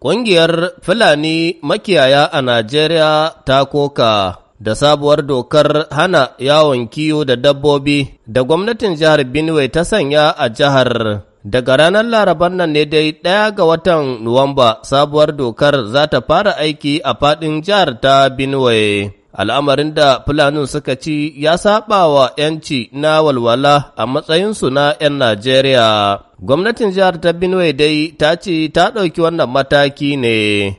Ƙungiyar Fulani makiyaya a Najeriya ta koka da sabuwar dokar hana yawon kiwo da dabbobi da gwamnatin jihar Benue ta sanya a jihar. Daga ranar Laraban nan ne dai ɗaya ga watan Nuwamba sabuwar dokar za ta fara aiki a faɗin jihar ta Benue. al'amarin da fulanin suka ci ya saba wa ‘yanci na walwala a matsayinsu na ‘yan Najeriya. Gwamnatin jihar ta Benue dai ta ce ta ɗauki wannan mataki ne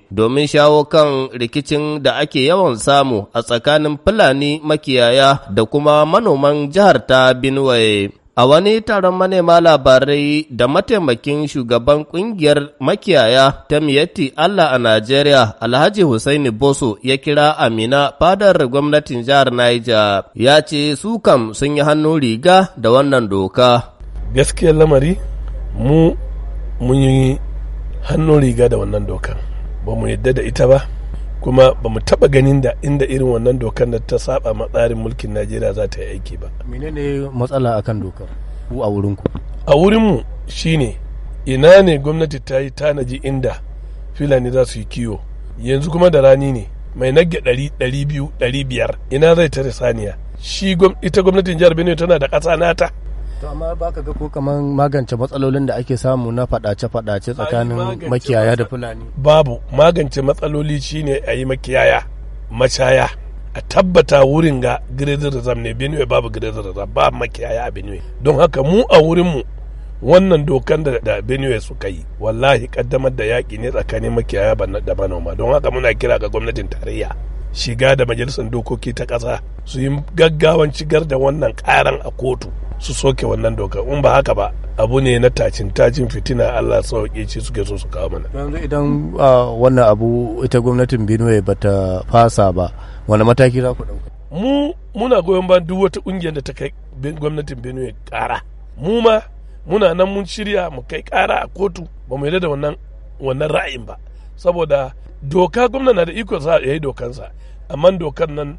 domin shawo kan rikicin da ake yawan samu a tsakanin Fulani makiyaya da kuma manoman jihar ta Benue. A wani taron manema labarai da mataimakin shugaban ƙungiyar makiyaya ta miyatti Allah a Najeriya, Alhaji Hussaini Boso ya kira Amina fadar gwamnatin jihar Niger ya ce su kam sun yi hannu riga da wannan doka. Gaskiyar lamari mu mun yi hannun riga da wannan doka, ba mu yadda da ita ba. kuma ba mu taba ganin da inda irin wannan dokar da ta saba ma tsarin mulkin najeriya za ta yi aiki ba menene matsala akan dokar ku a wurinku a wurinmu shine ina ne gwamnati ta yi tanaji inda filani za su yi kiwo yanzu kuma da rani ne mai nagge ɗari ɗari biyu ɗari biyar ina zai tare saniya shi ita gwamnatin jihar benue tana da ƙasa nata to amma ba ka ga ko kaman magance matsalolin da ake samu na fadace-fadace tsakanin makiyaya da fulani babu magance matsaloli shine a yi makiyaya macaya a tabbata wurin ga grazing reserve ne benue babu grazing reserve ba makiyaya a benue don haka mu a wurinmu wannan dokan da da benue suka yi wallahi kaddamar da yaki ne tsakanin makiyaya da manoma don haka muna kira ga gwamnatin tarayya shiga da majalisar dokoki ta ƙasa su yi gaggawan shigar da wannan ƙaran a kotu su soke wannan doka in ba haka ba abu ne na tacin tacin fitina Allah sauƙi ce suke so su kawo mana yanzu idan ah, wannan abu ita gwamnatin Benue bata fasa ba wani mataki za ku ɗauka mu muna goyon ba duk wata ƙungiyar da ta kai gwamnatin Benue ƙara mu ma muna nan mun shirya mu kai ƙara a kotu ba mu yarda da wannan wannan ra'ayin ba saboda doka gwamna na da iko sa ya yi dokansa amma dokan nan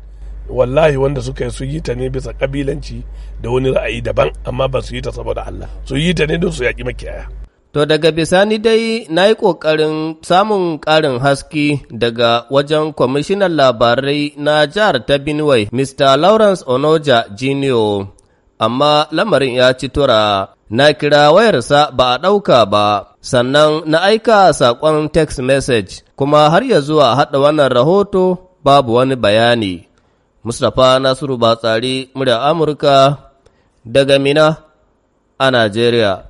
wallahi wanda suka yi su yi ta ne bisa kabilanci da wani ra'ayi daban amma ba su yi ta saboda Allah su yi ta ne don su yaƙi makiyaya To daga bisani dai na yi ƙoƙarin samun ƙarin haske daga wajen kwamishinan labarai na jihar ta Benue, Mr. Lawrence Onoja Jr. Amma lamarin ya ci tura, na kira wayarsa ba a ɗauka ba. sannan na aika saƙon text message kuma har ya zuwa haɗa wannan rahoto babu wani bayani. Mustapha Nasiru Batsari, murya Amurka, daga Mina a Najeriya.